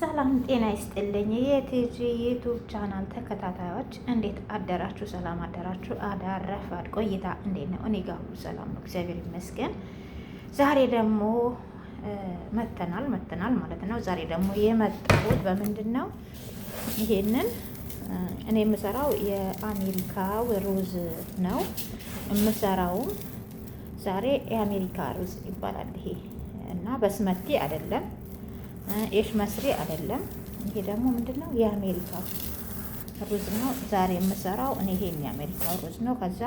ሰላም ጤና ይስጥልኝ። የቲጂ ዩቱብ ቻናል ተከታታዮች እንዴት አደራችሁ? ሰላም አደራችሁ? አዳረፋድ ቆይታ እንዴት ነው? እኔ ጋር ሁሉ ሰላም ነው፣ እግዚአብሔር ይመስገን። ዛሬ ደግሞ መተናል መተናል ማለት ነው። ዛሬ ደግሞ የመጣሁት በምንድን ነው? ይሄንን እኔ የምሰራው የአሜሪካው ሩዝ ነው የምሰራውም ዛሬ የአሜሪካ ሩዝ ይባላል ይሄ እና በስመቲ አይደለም ኤሽ መስሪ አይደለም። ይሄ ደግሞ ምንድን ነው? የአሜሪካ ሩዝ ነው። ዛሬ የምሰራው እኔ ይሄ የአሜሪካ ሩዝ ነው። ከዛ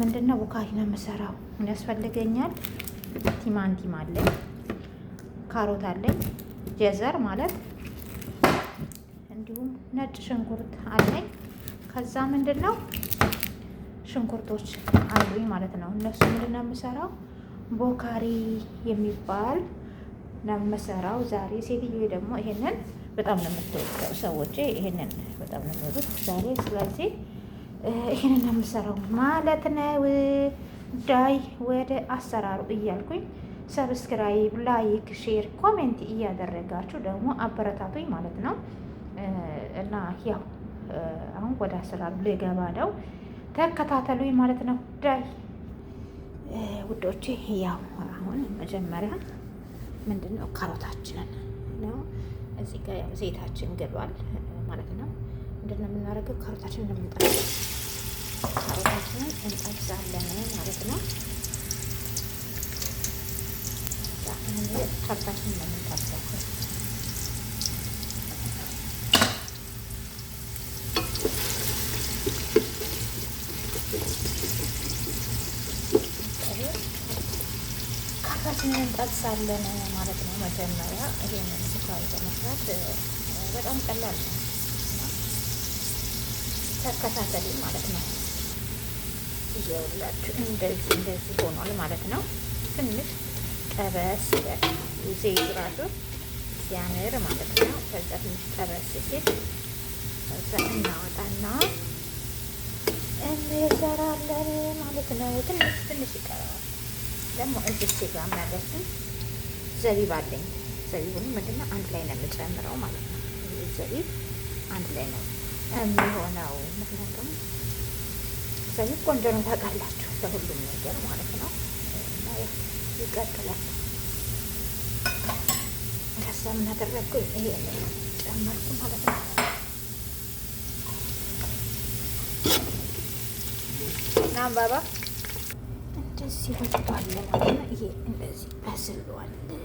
ምንድን ነው ቡካሪ ነው የምሰራው። ያስፈልገኛል ቲማንቲም አለኝ፣ ካሮት አለኝ፣ ጀዘር ማለት እንዲሁም ነጭ ሽንኩርት አለኝ። ከዛ ምንድን ነው ሽንኩርቶች አሉኝ ማለት ነው። እነሱ ምንድን ነው የምሰራው ቦካሪ የሚባል ነው የምሰራው ዛሬ። ሴትዮ ደግሞ ይሄንን በጣም ነው የምትወደው። ሰዎች ይሄንን በጣም ነው የሚወዱት ዛሬ። ስለዚህ ይሄንን ነው የምሰራው ማለት ነው። ዳይ ወደ አሰራሩ እያልኩኝ ሰብስክራይብ፣ ላይክ፣ ሼር፣ ኮሜንት እያደረጋችሁ ደግሞ አበረታቱኝ ማለት ነው እና ያው አሁን ወደ አሰራሩ ልገባ ነው። ተከታተሉኝ ማለት ነው ዳይ ውዶቼ። ያው አሁን መጀመሪያ ምንድን ነው ካሮታችንን ነው እዚህ ጋ ያው ዘይታችን ገሏል ማለት ነው። ምንድን ነው የምናደርገው? ካሮታችንን እንጠብሳለን። ካሮታችንን እንጠብሳለን ማለት ነው። ካሮታችንን ለምንጠብሳለን ፓስታችንን እንጠብሳለን ማለት ነው። መጀመሪያ ይሄንን ስኳር ለመስራት በጣም ቀላል ነው። ተከታተል ማለት ነው። ይኸውላችሁ እንደዚህ እንደዚህ ሆኗል ማለት ነው። ትንሽ ጠበስ ይበል ዘይት ራሱ ሲያምር ማለት ነው። ከዛ ትንሽ ጠበስ ሲል ከዛ እናወጣና እንሰራለን ማለት ነው። ትንሽ ትንሽ ይቀረዋል ደግሞ እዚህ ሴጋ የሚያደርስን ዘቢብ አለኝ። ዘቢቡን ምንድነው አንድ ላይ ነው የምጨምረው ማለት ነው። ዘቢብ አንድ ላይ ነው የሚሆነው። ምክንያቱም ዘቢብ ቆንጆ ነው ታውቃላችሁ፣ ለሁሉም ነገር ማለት ነው። ይቀጥላል። ከዛ ምን አደረግኩኝ? ይሄ ጨመርኩ ማለት ነው። ናም እንደዚህ ይበስሏል ማለት ነው። ይሄ እንደዚህ በስሏል ማለት ነው።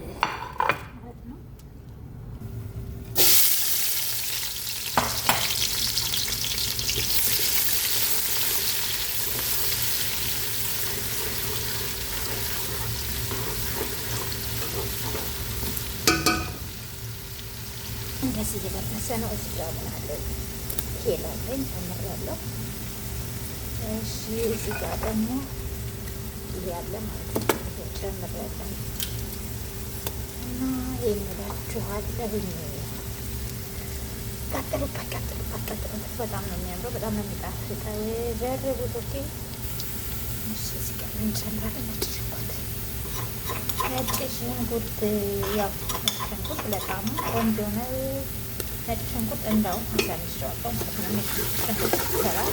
እንደዚህ እየደረሰ ነው። እዚህ ጋር ምን አለ ሄላለኝ ጨምሬያለሁ። እሺ እዚህ ጋር ደግሞ ጊዜ አለ ማለት ነው። ጨምር እና የሚላችኋል ለብኝ ቀጥሉበት፣ ቀጥሉበት፣ ቀጥሉበት። በጣም ነው የሚያምረው፣ በጣም ነው የሚጣፍጠው። ዘርቡት። እሺ። እዚህ እንጨምራለን ነጭ ሽንኩርት፣ ነጭ ሽንኩርት ያው ነጭ ሽንኩርት ለጣሙ ቆንጆ ነው። ነጭ ሽንኩርት እንዳውም አሳንሸዋለሁ ነጭ ሽንኩርት ይሰራል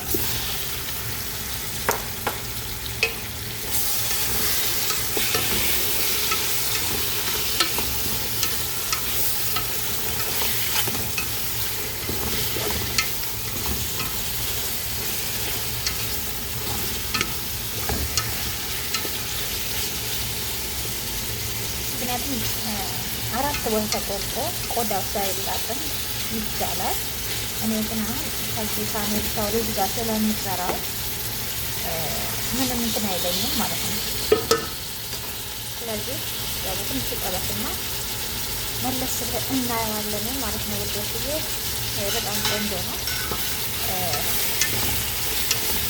ምክንያቱም አራት ወር ተቆርጦ ቆዳው ሳይላጥም ይቻላል። እኔ ግን አሁን ከዚህ ከአሜሪካው ልጅ ጋር ስለምሰራው ምንም እንትን አይለኝም ማለት ነው። ስለዚህ መለስ እናየዋለን ማለት ነው። ጊዜ በጣም ቆንጆ ነው።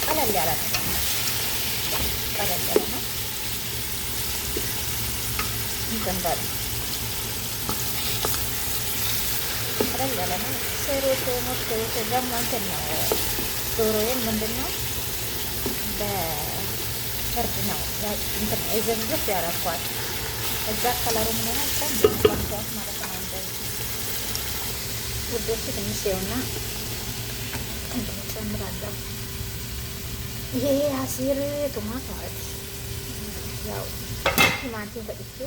ቀለል ያለ ነው። ቀለል ያለ ነው። ikan ya, ya, ya, kan, Ada di dalamnya seru seru segam mantennya. Turuin mendengar, Dah terkena. Ya, juga tiara kuat. kalau rumahnya kan jangan bantuan mana Udah sih ini kan Kemudian beradab. Iya, iya hasilnya tomat. Jauh. ቲማቲም ፈጭቼ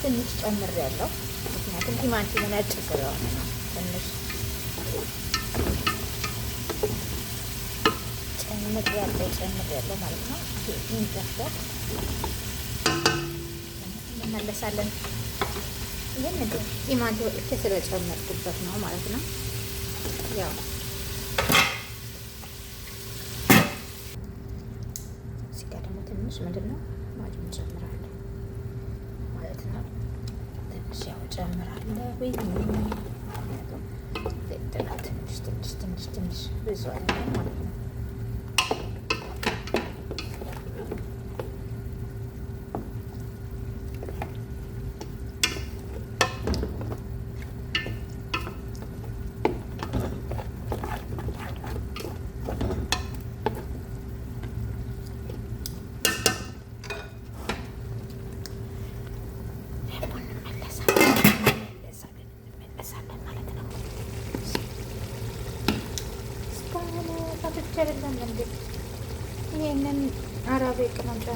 ትንሽ ጨምሬያለሁ። ምክንያቱም ቲማቲም ነጭ ስለሆነ ነው። ትንሽ ጨምሬያለሁ ጨምሬያለሁ ማለት ነው። ይንጠፍጠፍ እንመለሳለን። ይህን ቲማቲም ወጥቼ ስለጨመርኩበት ነው ማለት ነው። ያው እዚህ ጋ ደግሞ ትንሽ ምንድን ነው እጨምራለሁ ማለት ነው። ትንሽ ያው እጨምራለሁ ወይ ትንሽ ትንሽ ትንሽ ትንሽ ብዙ አለ ማለት ነው።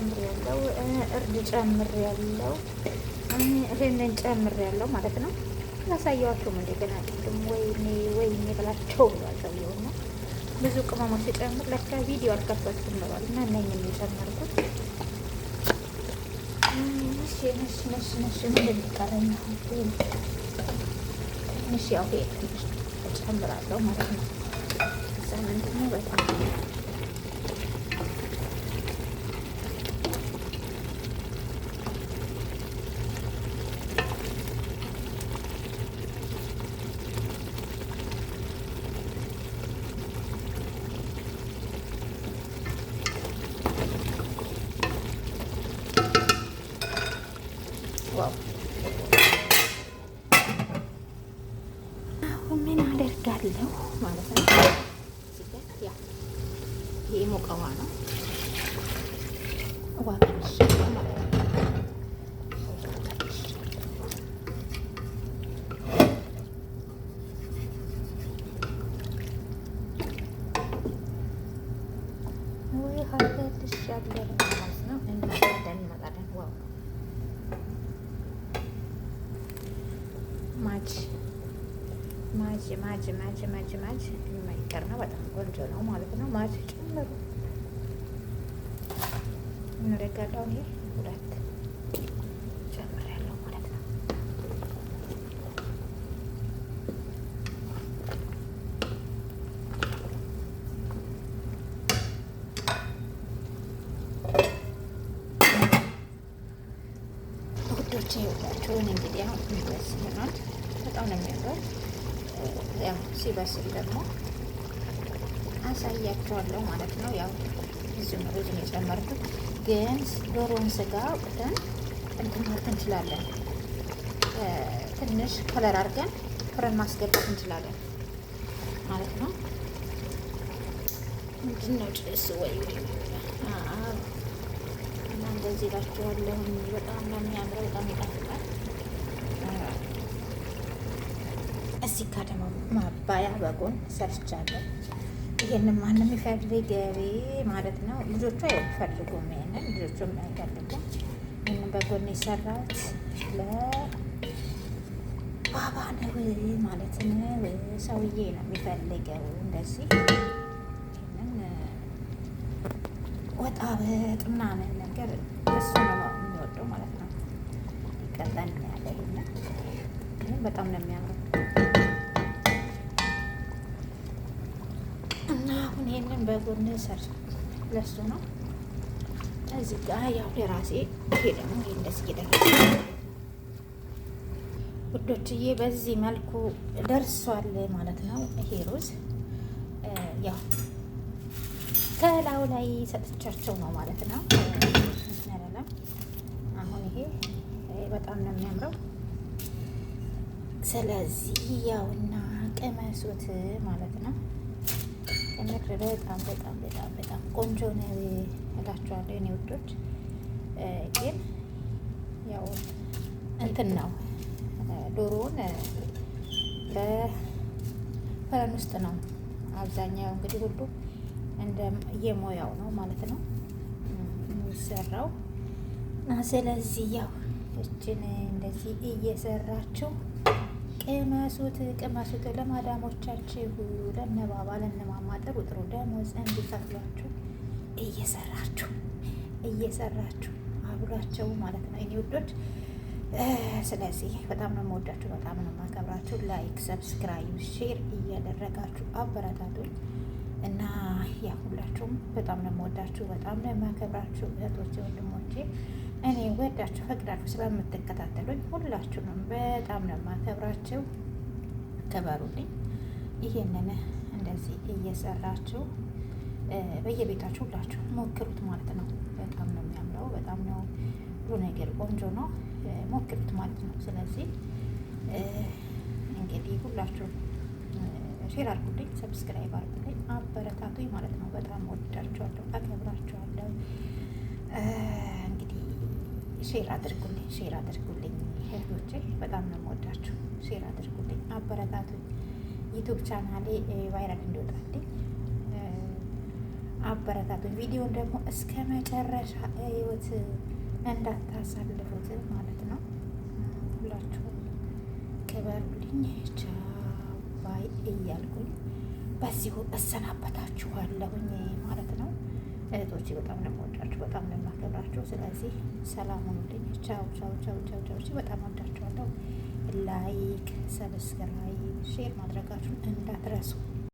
ጨምር ያለው እርድ ጨምር ያለው ይህንን ጨምር ያለው ማለት ነው። አላሳየዋቸውም እንደገና ቅድም ወይኔ ወይኔ ብላቸው ያሳየው ነው። ብዙ ቅመሞች ሲጨምር ለካ ቪዲዮ አልከፈትኩም ብለዋል እና እነኝ የጨመርኩት ነሽ ነሽ ነሽ ነሽ ምንድን ይቀረኝ ትንሽ ያው ጨምራለሁ ማለት ነው። ምንድነው በጣም አለው ማለት ነው። ይህ ሙቀዋ ውሃ ነው። ማች ማጅ ማጅ ማጅ ማጅ ማጅ የማይቀር ነው። በጣም ቆንጆ ነው ማለት ነው። ማጅ ጨምሩ እንረጋለው። ይሄ ሁለት ጨምሬያለሁ ማለት ነው። ውዶቼ ሁላችሁን እንግዲህ አሁን ይመስልናል። በጣም ነው የሚያምረው። ያው ሲበስል ደግሞ አሳያቸዋለሁ ማለት ነው። ያው እዚሁም ሩዝን የጨመርኩት ግን ዶሮን ስጋ ቁተን እንትንት እንችላለን። ትንሽ ከለር አድርገን ፍረን ማስገባት እንችላለን ማለት ነው። ምንድን ነው ጭስ ወይ እና እንደዚህ እላችኋለሁ። በጣም ነው የሚያምረው። በጣም ይጣፍጣል። እዚህ ደግሞ ማባያ በጎን ሰርቻለሁ። ይሄንን ማንም ይፈልግ ማለት ነው። ልጆቹ አይፈልጉም፣ ይሄንን ልጆቹም አይፈልጉም። ይህንን በጎን የሰራት ለባባ ነው ማለት ነው። ሰውዬ ነው የሚፈልገው እንደዚህ ወጣ በጥ ምናምን ነገር እሱ ነው የሚወደው ማለት ነው። ይቀላል ያለ ይሄንን በጣም ነው የሚያ ይሄንን በጎን ሰር ለሱ ነው። እዚህ ጋር ያው ለራሴ ይሄ ደግሞ ይሄ እንደዚህ ይደረግ ውዶችዬ፣ በዚህ መልኩ ደርሷል ማለት ነው። ይሄ ሩዝ ያው ከላዩ ላይ ሰጥቻቸው ነው ማለት ነው። አሁን ይሄ በጣም ነው የሚያምረው። ስለዚህ ያውና ቅመሱት ማለት ነው። የምር በጣም በጣም በጣም በጣም ቆንጆ ነው እላችኋለሁ የኔ ውዶች። ግን ያው እንትን ነው ዶሮውን በፈረን ውስጥ ነው አብዛኛው እንግዲህ ሁሉ እንደ የሞያው ነው ማለት ነው የሚሰራው እና ስለዚህ ያው እችን እንደዚህ እየሰራችሁ ቅመሱት ቅመሱት ለማዳሞቻችሁ ለነባባ ለነማማ ጥሩ ጥሩ ደሞዝ እንዲከፍሏችሁ እየሰራችሁ እየሰራችሁ አብሯቸው ማለት ነው እኔ ውዶች። ስለዚህ በጣም ነው የምወዳችሁ፣ በጣም ነው የማከብራችሁ። ላይክ፣ ሰብስክራይብ፣ ሼር እያደረጋችሁ አበረታቱኝ እና ያ ሁላችሁም በጣም ነው የምወዳችሁ፣ በጣም ነው የማከብራችሁ እህቶቼ ወንድሞቼ እኔ ወዳችሁ ፈቅዳችሁ ስለምትከታተሉኝ ሁላችሁንም በጣም ነው የማከብራችሁ። ክበሩልኝ። ይሄንን እንደዚህ እየሰራችሁ በየቤታችሁ ሁላችሁ ሞክሩት ማለት ነው። በጣም ነው የሚያምረው። በጣም ነው ሁሉ ነገር ቆንጆ ነው። ሞክሩት ማለት ነው። ስለዚህ እንግዲህ ሁላችሁ ሼር አርጉልኝ፣ ሰብስክራይብ አርጉልኝ፣ አበረታቱኝ ማለት ነው። በጣም ወዳችኋለሁ፣ አከብራችኋለሁ። ሼር አድርጉልኝ፣ ሼር አድርጉልኝ እህቶቼ፣ በጣም ነው የምወዳችሁ። ሼር አድርጉልኝ፣ አበረታቱኝ። ዩቱብ ቻናሌ ቫይራል እንዲወጣልኝ አበረታቱኝ። ቪዲዮን ደግሞ እስከ መጨረሻ ህይወት እንዳታሳልፉት ማለት ነው። ሁላችሁም ክበሩልኝ። ቻባይ እያልኩኝ በዚሁ እሰናበታችኋለሁኝ ማለት ነው። እህቶች በጣም ነው የምወዳችሁ፣ በጣም ነው የማከብራችሁ። ስለዚህ ሰላም ሁኑልኝ። ቻው ቻው ቻው ቻው ቻው። በጣም ወዳችኋለሁ። ላይክ፣ ሰብስክራይብ፣ ሼር ማድረጋችሁን እንዳትረሱ።